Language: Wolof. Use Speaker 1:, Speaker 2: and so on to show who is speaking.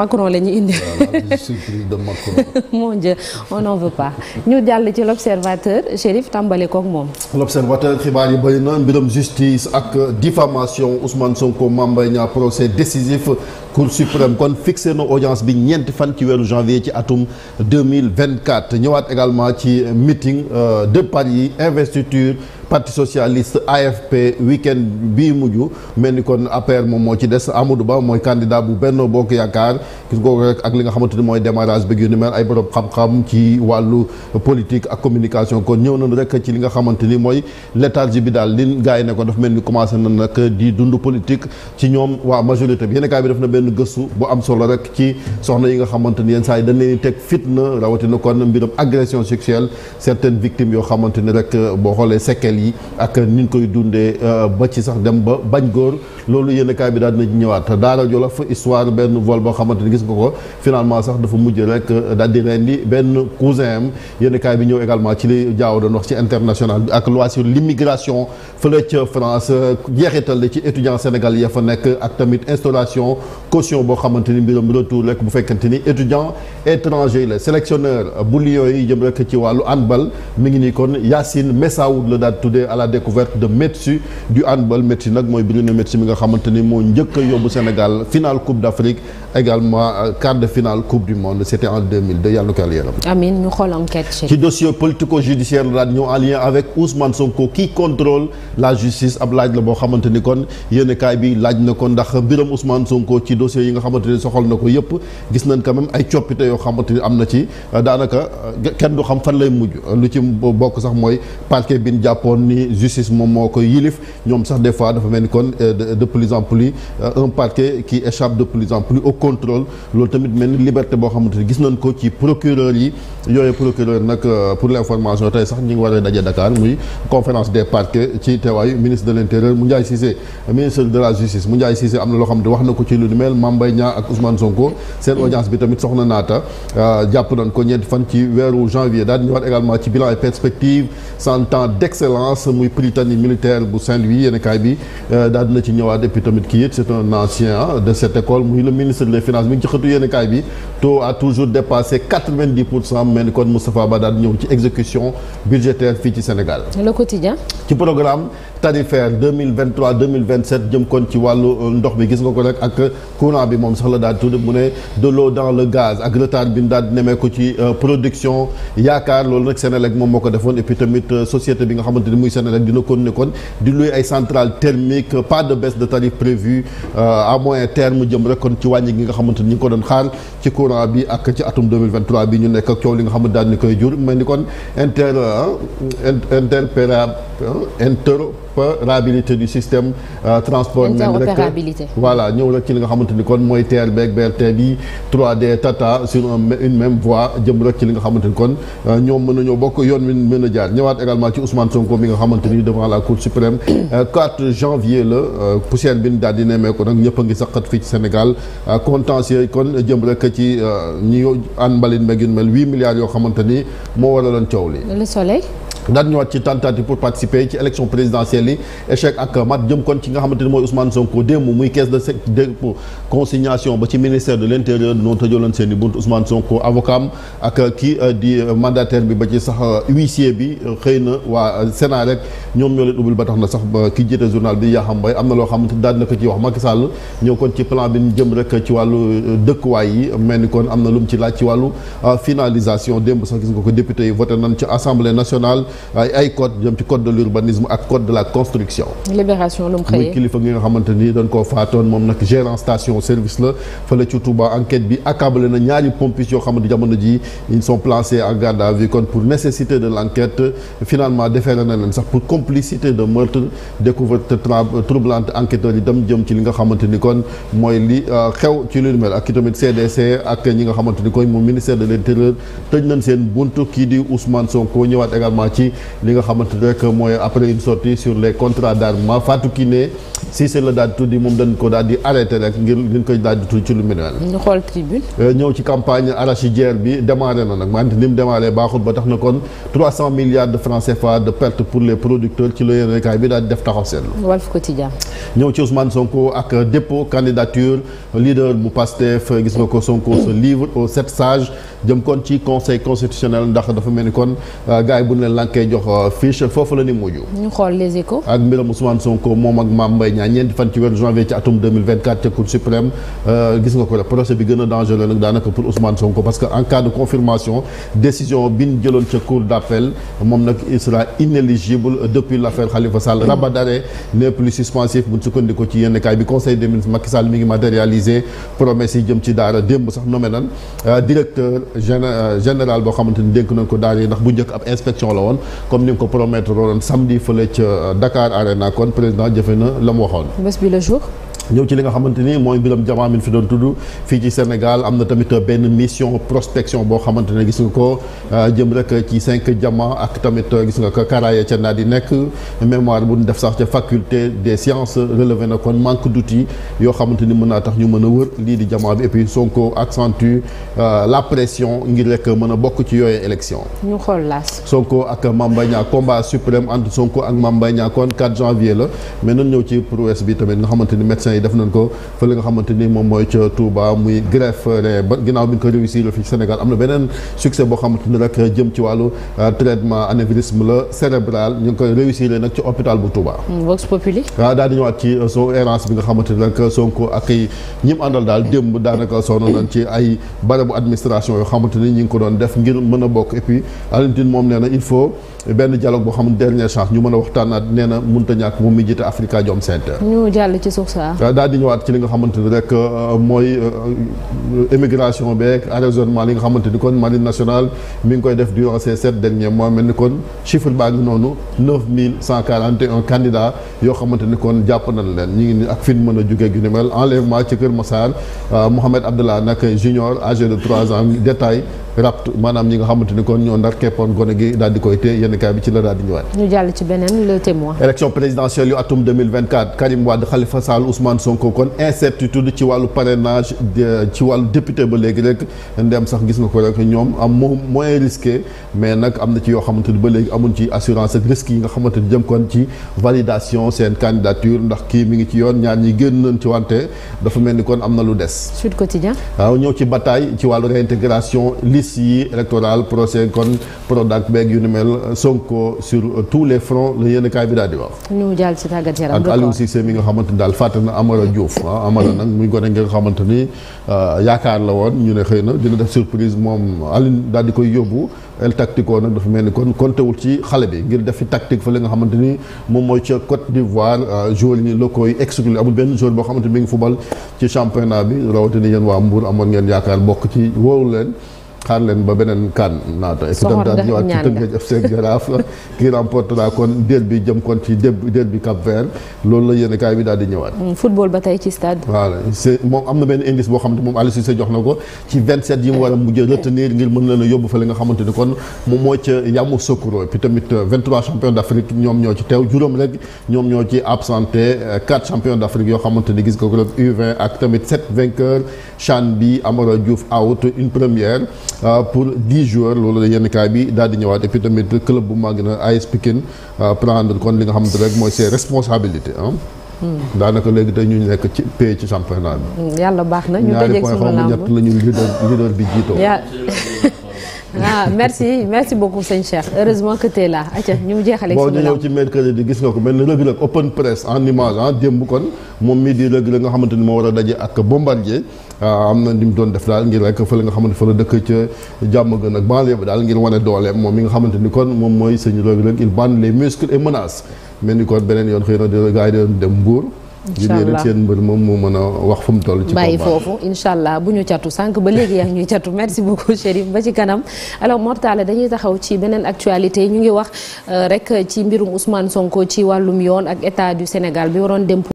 Speaker 1: Macron la ñu indi. surprise de Macron. mon Dieu on n'en veut pas ñu jàll ci l' observateur Chérif tàmbali koog moom. l' observateur xibaar yi bëri na mbirum justice ak diffamation Ousmane Sonko Mame Mbaye Niang procès décisif cour suprême kon fixé na audience bi ñeenti fan ci weeru janvier ci atum 2024 ñëwaat également ci meeting euh, de Paris investiture. parti socialist AFP week-end bii mujj mel ni kon APR moom moo ci des Amadou Ba mooy candidat bu Benno Bokk Yaakaar gis ko rek ak li nga xamante ni mooy démarrage bi yu ni mel ay borom xam-xam ci wàllu politique ak communication kon ñëw nañu rek ci li nga xamante ni mooy léthargie bi daal li gars yi ne ko dafa mel ni commencé na nag di dund politique ci ñoom waa majorité bi yeneen kaay bi def na benn gëstu bu am solo rek ci soxna yi nga xamante ni yenn saa yi dañ leen di teg fitna rawatina kon mbiram agression sexuelle certaines victimes yoo xamante ni rek boo xoolee séquelles yi ak ni ñu koy dundee euh, ba ci sax dem ba bañ góor loolu yéen kaay bi daal dinañ ñëwaat Daara Jolof histoire benn vol boo xamante ni gis nga ko finalement sax dafa mujj rek euh, daal di rendi benn cousin am yéen kaay bi ñëw également ci li jaaw doon wax ci international bi ak loi sur l'immigration fële ca France euh, jeexital ci étudiant Sénégal ya fa nekk ak tamit installation caution boo xamante ni mbiram retour rek bu fekkente ni étudiant étranger la sélectionneur bu Lions yi jëm ci wàllu handball tuddee à la découverte de Metsu du handball Metsu nag mooy Birina Metsu mi nga xamante ni moo njëkk a Sénégal finale coupe d' également euh, quart de finale coupe du monde c' était en na ko yàlla avec Ousmane Sonko qui contrôle la justice ab laaj la boo xamante kon yéen kaay bi laaj na ko ndax mbiram Ousmane Sonko ci dossier yi nga xamante soxal na ko yëpp gis nañ quand ay coppite yoo xamante am na ci euh, daanaka euh, kenn du xam fan lay mujj lu ci bokk sax mooy parquet bi xam ni justice moom moo koy yilif ñoom sax des dafa mel ni kon euh, de plus en plus euh, un parquet qui échappe de plus en plus au contrôle loolu tamit mel liberté boo xamante ni gis nañ ko ci procureur yi yooyu procureur nag euh, pour l'information tey sax ñu ngi war a Dakar muy conférence des parquets ci teewaayu ministre de l'intérieur Moundiaye Cissé ministre de la justice Moundiaye Cissé am na loo xam na ko ci lu ni mel Mame Mbaye Niang ak Ousmane Sonko seen audience France muy Prytanée militaire bu Saint-Louis yéen kaay bi euh, daal dina ci ñëwaat et tamit kii c'est un ancien de cette école muy le ministre des finances mi ngi ci xëtu yéen kaay bi taux a toujours dépassé quatre-vingt-dix Ba daal ñëw ci exécution budgétaire fii ci Sénégal. ci programme. tarifaire 2023 2027 jëm kon ci wàllu euh, ndox mi gis nga ko rek ak courant bi moom sax la daal tudd mu ne de l'eau dans le gaz ak retard bi mu daal nemee ko ci euh, production yaakaar loolu nag Senelec moom moo ko defoon et puis tamit euh, société bi nga xamante ni muy Senelec dina continuer kon di louer ay centrales thermiques pas de baisse de tarif prévue à moyen terme jëm rek kon ci wàññi gi nga xamante ni ñu ko doon xaar ci courant bi ak ci bi ñu nekk ak coow li nga xamante daal ni koy jur mel ni kon interopérabilité du système euh, transport interopérabilité voilà ñëw rek ci li nga xamante ni kon mooy TER beeg BRT bi 3D Tata sur une même voie jëm rek ci li nga xamante ni kon euh, ñoom mën nañoo bokk yoon wi mën a jaar ñëwaat également ci Ousmane Sonko mi nga xamante ni devant la Cour suprême 4 euh, janvier la poussière bi daal di nemmee ko nag ñëpp a ngi saqat fii ci Sénégal contentieux kon jëm rek ci ñi an mbalin meeg yu mel 8 milliards yoo xamante ni moo waraloon coow li Le Soleil daan ñëwaat ci tentative pour participer ci élection présidentielle yi échec ak mat jëm kon ci nga xamante ni mooy Ousmane Sonko démb muy caisse de dépôt consignation ba ci ministère de l' intérieur noonu tëjooloon seen i bunt Ousmane Sonko avocat kii euh, di euh, mandataire bi ba ci sax euh, huissier bi xëy na waa Sénat rek ñoom ñoo leen ba tax na sax ki jiite journal bi yaa xam bay am na loo xamante daan na ko ci wax Macky Sall ñëw kon ci plan bi jëm rek ci wàllu dëkkuwaay yi mel ni kon am na lu mu ci laaj ci wàllu finalisation démb sax gis nga ko député yi voté nan ci assemblée nationale. waaye ay code jëm ci code de l'urbanisme ak code de la construction. libération lu mu xëyee kilifa gi nga xamante ni dañ faatoon moom nag gérant station service la fële ci Touba enquête bi accablé na ñaari pompistes yoo xam ne jamono ji ils sont placés en garde kon pour nécessité de l'enquête finalement déféré na sax pour complicité de meurtre découverte troublante enquêteurs yi dem jëm ci li nga xamante ni kon mooy li euh, xew ci lu mel ak ki CDC ak ñi nga xamante ni kon moom ministère de l'intérieur tëj nañ seen buntu kii di Ousmane Sonko ñëwaat ci li nga xamante ne rek mooy après une sortie sur les contrats d'armement Fatou Kiné Cissé la daal tuddi moom dañ ko daal di arrêté rek ngir ngir koy daal di tuddi ci lu mel ñu xool tribune. Euh, ñëw ci campagne arachidière ba tax na kon milliards de francs CFA de perte pour les producteurs ci la yéenekaay bi daal di def taxaw seetlu. Walf ñëw ci Ousmane Sonko ak dépôt candidature leader bu PASTEF gis nga ko Sonko se livre aux sept sages jëm kon ci conseil constitutionnel koy jox euh, fiche foofu la ni mujj. ñu xool les échos. ak mbiram Ousmane Sonko moom ak Mame Mbaye Niang ñeenti fan ci weeru janvier ci atum 2024 ca cour suprême euh, gis nga ko rek procès bi gën a dangereux nag daanaka pour Ousmane Sonko parce que en cas de confirmation décision bi ñu jëloon ca cour d'appel moom nag il sera depuis l'affaire Khalifa Sall. rabat d'arrêt plus suspensif bu ñu sukkandiku ci yenn kaay bi conseil des ministres Macky Sall mi ngi matérialiser promesse yi jëm ci daara démb sax nommé nan euh, boo xamante ni dénk nañ ko daara yi ndax bu njëkk la woon. comme ni nga ko promettre woon samedi fële ca euh, Dakar Arena kon président jëfe na la mu waxoon. ñëw ci li nga xamante ni mooy mbiram jamaa mi fi doon tudd fii ci Sénégal am na tamit benn mission prospection boo xamante ne gis nga ko euh, jëm rek ci cinq jamaa ak tamit euh, gis nga ko Karaye ca naa di nekk mémoire bu ñu def sax ca faculté de sciences relevé na kon manque d'outils yoo xamante ni mën naa tax ñu mën a wër lii di jamaa bi et puis Sonko accentue euh, la pression ngir rek mën a bokk ci yooyu élection ñu xool laas Sonko ak Mame Mbaye Niang combat suprême entre Sonko ak yi def nañ ko fële nga xamante ni moom mooy ca Touba muy greffe euh, ba ginnaaw bi ñu ko réussir fii Sénégal am na beneen succès euh, nag ci hôpital bu Touba. Mm, Vox Populi. waaw ah, daal di ñëwaat ci euh, soo errance bi nga xamante ni rek Sonko ak ñi mu àndal daal démb daanaka sonn ci ay barabu administration yoo xamante ni ñu ngi ko doon def ngir mën a bokk et puis Alioune Tine moom nee na il faut benn dialogue boo xam ne dernière chance ñu mën a waxtaanaat nee na mënut a ñàkk moom mi jiite Africa Jom Center. ñu jàll daal di ñëwaat ci li nga xamante ni rek euh, mooy euh, émigration beeg arraisonnement li nga xamante ni kon marine nationale mi ngi koy def durant ces sept derniers mois mel ni kon chiffre baa ngi noonu neuf mille cent quarante et un candidats yoo xamante ni kon jàpp nañ leen ñu ngi ni ak fi ñu a jugee gu ni mel enlèvement ci Kër Massar euh, Mohamed Abdallah nag junior âgé de trois ans détail rapt maanaam ñi nga xamante ni kon ñoo ndar keppoon gone gi daal di koy téye yenn kaay bi ci la daal di ñu jàll Ousmane Sonko kon incertitude ci wàllu parrainage ci wàllu député ba léegi rek ndem sax gis nga ko rek ñoom am moom moyen risqué mais nag am na ci yoo xamante ni ba léegi amuñ ci assurance ak risque yi nga xamante ni jëm kon ci validation seen candidature ndax kii mi ngi ci yoon ñaar ñi génn nañ ci wante dafa mel ni kon am na lu des. Sud Quotidien. waaw ñëw ci bataille ci wàllu réintégration liste yi électorale procès kon Prodac beeg yu nu mel Sonko sur tous les fronts la yéen a Amara Diouf ah Amara nag muy gone nga xamante ni ah, yaakaar la woon ñu ne xëy na dina def surprise moom Aline daal di koy yóbbu el tactico nag dafa mel ni kon kontewul ci xale bi ngir def fi tactique fa li nga xamante ni moom mooy ca Côte d'Ivoire ah, joueur yi la koy exclu amul benn joueur boo xamante ni mi ngi fubal ci championnat bi rawatina yéen waa Mbour amoon ngeen yaakaar bokk ci woowu leen. xaar leen ba beneen kan naata ekidam daan ñëwaat ci Tëngéej FC Jaraaf qui remportera jëm kon ci déel Cap Vert loolu la yéen kaay bi daal di ñëwaat mm, football ba tey ci stade moom am na benn indice boo xamante moom Aliou Cissé jox na ko ci 27 yi war a mujj retenir ngir mën leen yóbbu fa li nga xamante kon moom moo ca Yamoussoukro puis tamit 23 euh, champions d'Afrique ñoom ñoo ci teew juróom rek ñoom ñoo ci absenté 4 euh, champions d'Afrique Ah, pour dix joueurs loolu la yenn kaay bi daal di ñëwaat et puis tamit club bu mag na AS Pikine ah, prendre kon li nga xamante rek mooy ses responsabilités ah. Hmm. daanaka léegi tey ñu nekk ci pay ci championnat bi. Hmm, baax na ñu dajeeg suñu lamb ñaari point xaw ma ñett la ñu leader leader bi jiitoo. ah merci merci beaucoup sëñ Cheikh heureusement que t'es là atia ñu jeexale. bon ñu ñëw di gis nga ko mel ni Reug Reug open press en image ah démb kon moom mii di Reug nga xamante ni moo war a daje ak Bombardier ah, am na li mu doon def daal ngir rek fële nga xamante fa la dëkk ca jàmm gën ak banlieue ba daal ngir wane dooleem moom mi nga xamante ni kon moom mooy sëñ Reug Reug il bande les muscles et menace mel ni kon beneen yoon xëy na di gars yi dem Mbour. incha allah moom moo mën a wax fu mu toll. bàyyi foofu incha allah bu ñu catu sànq ba léegi yaa ngi ñuy catu merci beaucoup Chérif ba ci kanam. alors Mortale dañuy taxaw ci beneen actualité ñu ngi wax euh, rek ci mbirum Ousmane Sonko ci wàllum yoon ak état du Sénégal bi waroon dem.